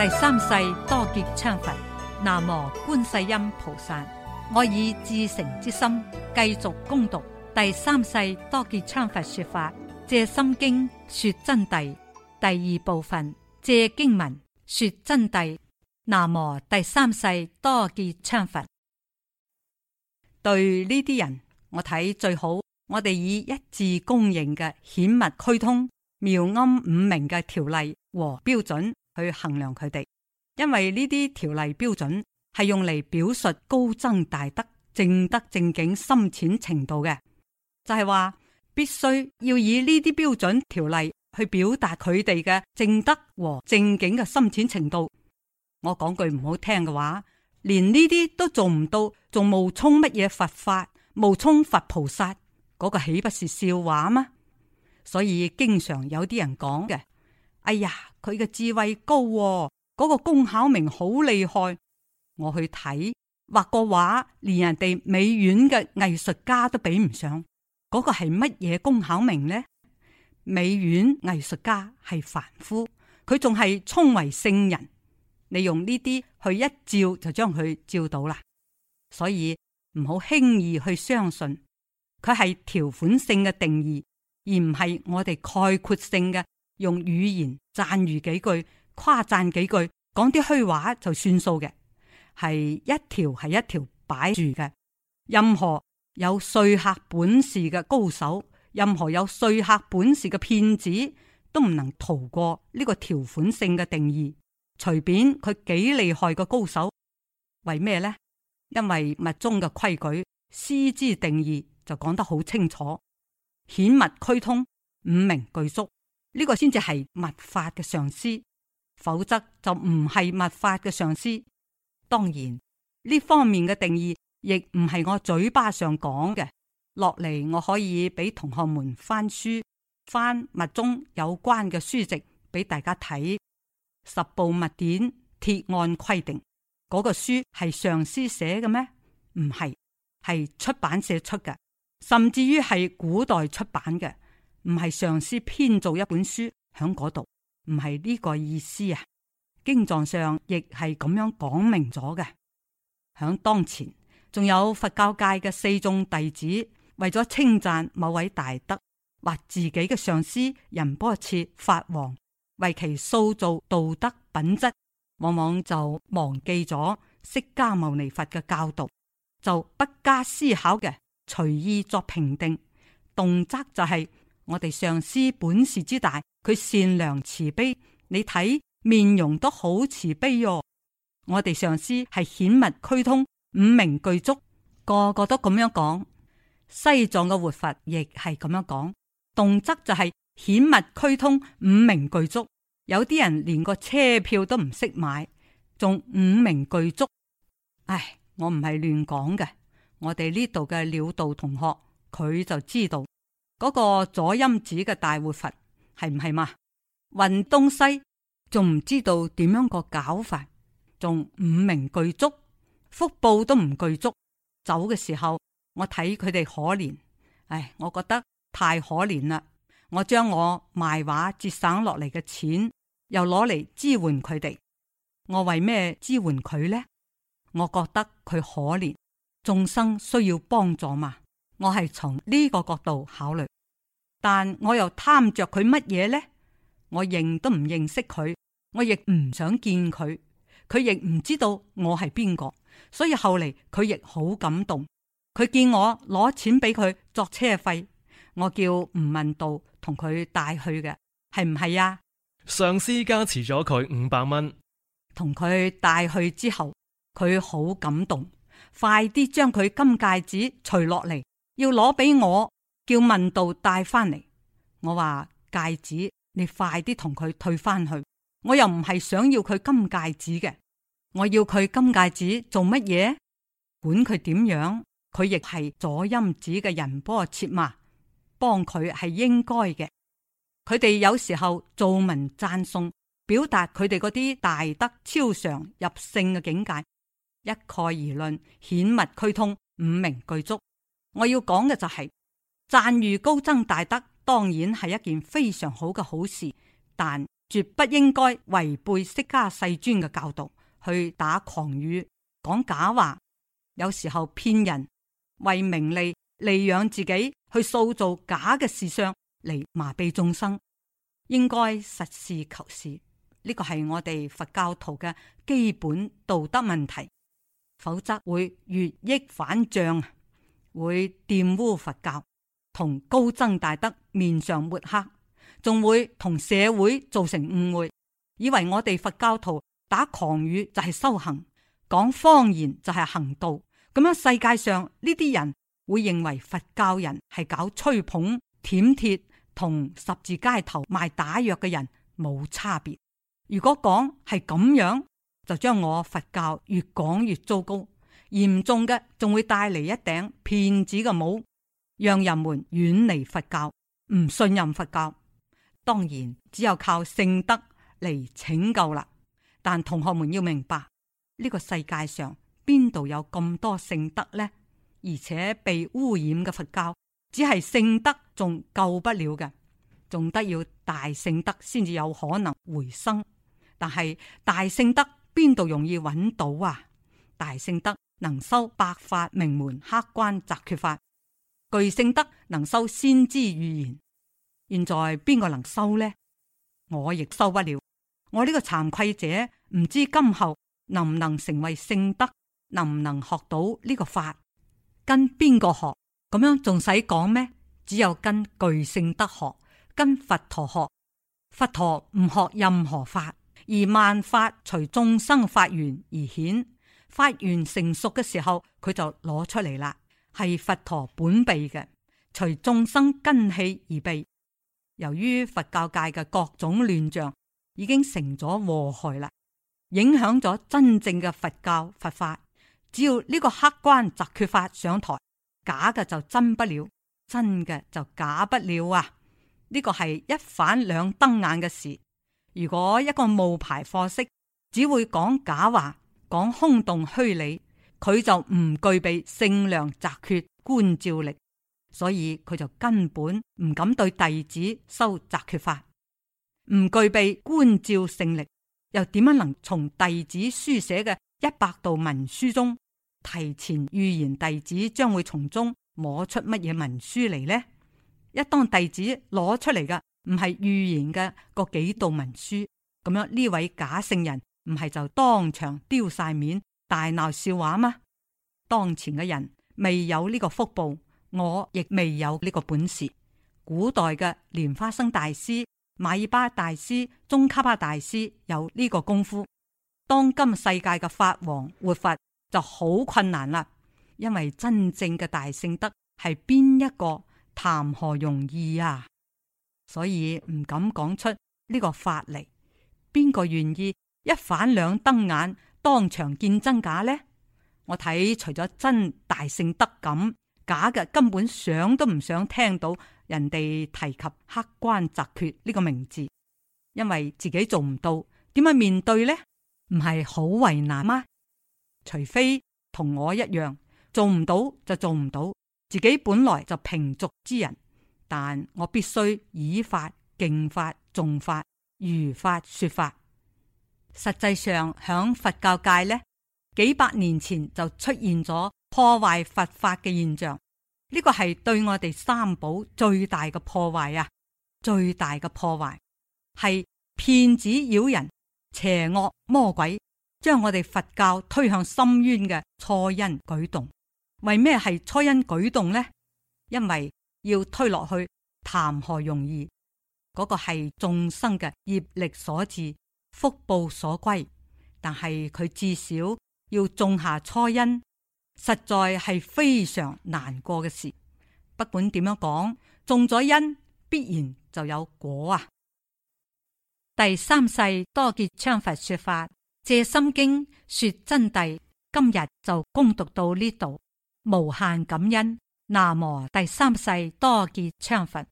第三世多杰羌佛，南無觀世音菩薩。我以至誠之心繼續攻讀第三世多杰羌佛說法，借心經說真諦第二部分，借經文說真諦。南無第三世多杰羌佛。對呢啲人，我睇最好，我哋以一致公認嘅顯密趨通、妙庵五明嘅條例和標準。去衡量佢哋，因為呢啲條例標準係用嚟表述高僧大德正德正境深淺程度嘅，就係話必須要以呢啲標準條例去表達佢哋嘅正德和正境嘅深淺程度。我講句唔好聽嘅話，連呢啲都做唔到，仲冒充乜嘢佛法，冒充佛菩薩，嗰個豈不是笑話嗎？所以經常有啲人講嘅。哎呀，佢嘅智慧高喎，嗰個工巧明好厲害。我去睇畫個畫，連人哋美院嘅藝術家都比唔上。嗰個係乜嘢工巧明呢？美院藝術家係凡夫，佢仲係充為聖人。你用呢啲去一照，就將佢照到啦。所以唔好輕易去相信，佢係條款性嘅定義，而唔係我哋概括性嘅。用語言讚譽幾句，誇讚幾句，講啲虛話就算數嘅，係一條係一條擺住嘅。任何有說客本事嘅高手，任何有說客本事嘅騙子，都唔能逃過呢個條款性嘅定義。隨便佢幾厲害嘅高手，為咩呢？因為密宗嘅規矩，師之定義就講得好清楚，顯密俱通，五明具足。呢個先至係密法嘅上師，否則就唔係密法嘅上師。當然呢方面嘅定義亦唔係我嘴巴上講嘅。落嚟我可以俾同學們翻書，翻密宗有關嘅書籍俾大家睇。十部密典鐵案規定嗰個書係上師寫嘅咩？唔係，係出版社出嘅，甚至於係古代出版嘅。唔係上師編造一本書喺嗰度，唔係呢個意思啊。經藏上亦係咁樣講明咗嘅。響當前仲有佛教界嘅四眾弟子為咗稱讚某位大德或自己嘅上師、仁波切法王，為其塑造道德品質，往往就忘記咗釋迦牟尼佛嘅教導，就不加思考嘅隨意作評定，動則就係、是。我哋上司本事之大，佢善良慈悲，你睇面容都好慈悲喲、哦。我哋上司係顯密趨通五明具足，個個都咁樣講。西藏嘅活佛亦係咁樣講，動則就係顯密趨通五明具足。有啲人連個車票都唔識買，仲五明具足。唉，我唔係亂講嘅，我哋呢度嘅了道同學佢就知道。嗰個左陰子嘅大活佛係唔係嘛？運東西仲唔知道點樣個搞法，仲五明具足，福報都唔具足。走嘅時候，我睇佢哋可憐，唉，我覺得太可憐啦。我將我賣畫節省落嚟嘅錢，又攞嚟支援佢哋。我為咩支援佢呢？我覺得佢可憐，眾生需要幫助嘛。我係從呢個角度考慮，但我又貪着佢乜嘢呢？我認都唔認識佢，我亦唔想見佢，佢亦唔知道我係邊個，所以後嚟，佢亦好感動。佢見我攞錢俾佢作車費，我叫吳問道同佢帶去嘅，係唔係呀？上司加持咗佢五百蚊，同佢帶去之後，佢好感動，快啲將佢金戒指除落嚟，要攞俾我，叫問道帶翻嚟。我話戒指，你快啲同佢退翻去。我又唔係想要佢金戒指嘅，我要佢金戒指做乜嘢？管佢點樣，佢亦係左陰子嘅仁波切嘛，幫佢係應該嘅。佢哋有時候做文讚頌，表達佢哋嗰啲大德超常入聖嘅境界，一概而論，顯密趨通，五明具足。我要講嘅就係讚譽高僧大德，當然係一件非常好嘅好事，但絕不應該違背釋迦世尊嘅教導去打誑語、講假話，有時候騙人為名利利養自己，去塑造假嘅事相嚟麻痹眾生。應該實事求是，呢個係我哋佛教徒嘅基本道德問題，否則會越益反漲會玷污佛教，同高僧大德面上抹黑，仲會同社會造成誤會，以為我哋佛教徒打誑語就係修行，講謊言就係行道。咁樣世界上呢啲人會認為佛教人係搞吹捧、舔貼同十字街頭賣打藥嘅人冇差別。如果講係咁樣，就將我佛教越講越糟糕。嚴重嘅仲會帶嚟一頂騙子嘅帽，讓人們遠離佛教，唔信任佛教。當然，只有靠聖德嚟拯救啦。但同學們要明白，呢個世界上邊度有咁多聖德呢？而且被污染嘅佛教，只係聖德仲救不了嘅，仲得要大聖德先至有可能回生。但係大聖德邊度容易揾到啊？大聖德。能修百法明門黑關擇決法，具聖德能修先知預言。現在邊個能修呢？我亦修不了。我呢個慚愧者，唔知今後能唔能成為聖德，能唔能學到呢個法？跟邊個學？咁樣仲使講咩？只有跟具聖德學，跟佛陀學。佛陀唔學任何法，而萬法隨眾生法源而顯。發完成熟嘅時候，佢就攞出嚟啦，係佛陀本備嘅，隨眾生根器而備。由於佛教界嘅各種亂象已經成咗禍害啦，影響咗真正嘅佛教佛法。只要呢個客觀擇決法上台，假嘅就真不了，真嘅就假不了啊！呢、呢個係一反兩瞪眼嘅事。如果一個冒牌貨色只會講假話。講空洞虛理，佢就唔具備聖量擇決觀照力，所以佢就根本唔敢對弟子收擇決法。唔具備觀照聖力，又點樣能從弟子書寫嘅一百道文書中提前預言弟子將會從中摸出乜嘢文書嚟呢？一當弟子攞出嚟嘅唔係預言嘅個幾道文書，咁樣呢位假聖人。唔係就當場丟晒面，大鬧笑話嗎？當前嘅人未有呢個福報，我亦未有呢個本事。古代嘅蓮花生大師、馬爾巴大師、宗喀巴大師有呢個功夫。當今世界嘅法王活佛就好困難啦，因為真正嘅大聖德係邊一個？談何容易啊！所以唔敢講出呢個法嚟。邊個願意？一反兩瞪眼，當場見真假呢？我睇除咗真大聖德感，假嘅根本想都唔想聽到人哋提及客觀擇決呢個名字，因為自己做唔到，點樣面對呢？唔係好為難嗎，啊？除非同我一樣做唔到就做唔到，自己本來就平俗之人，但我必須以法、敬法、重法、如法說法。實際上響佛教界呢，幾百年前就出現咗破壞佛法嘅現象。呢、這個係對我哋三寶最大嘅破壞啊！最大嘅破壞係騙子妖人、邪惡魔鬼將我哋佛教推向深淵嘅錯因舉動。為咩係錯因舉動呢？因為要推落去談何容易？嗰、那個係眾生嘅業力所致。福報所歸，但係佢至少要種下初因，實在係非常難過嘅事。不管點樣講，種咗因必然就有果啊！第三世多杰羌佛說法，借心經說真諦，今日就恭讀到呢度，無限感恩。南無第三世多杰羌佛。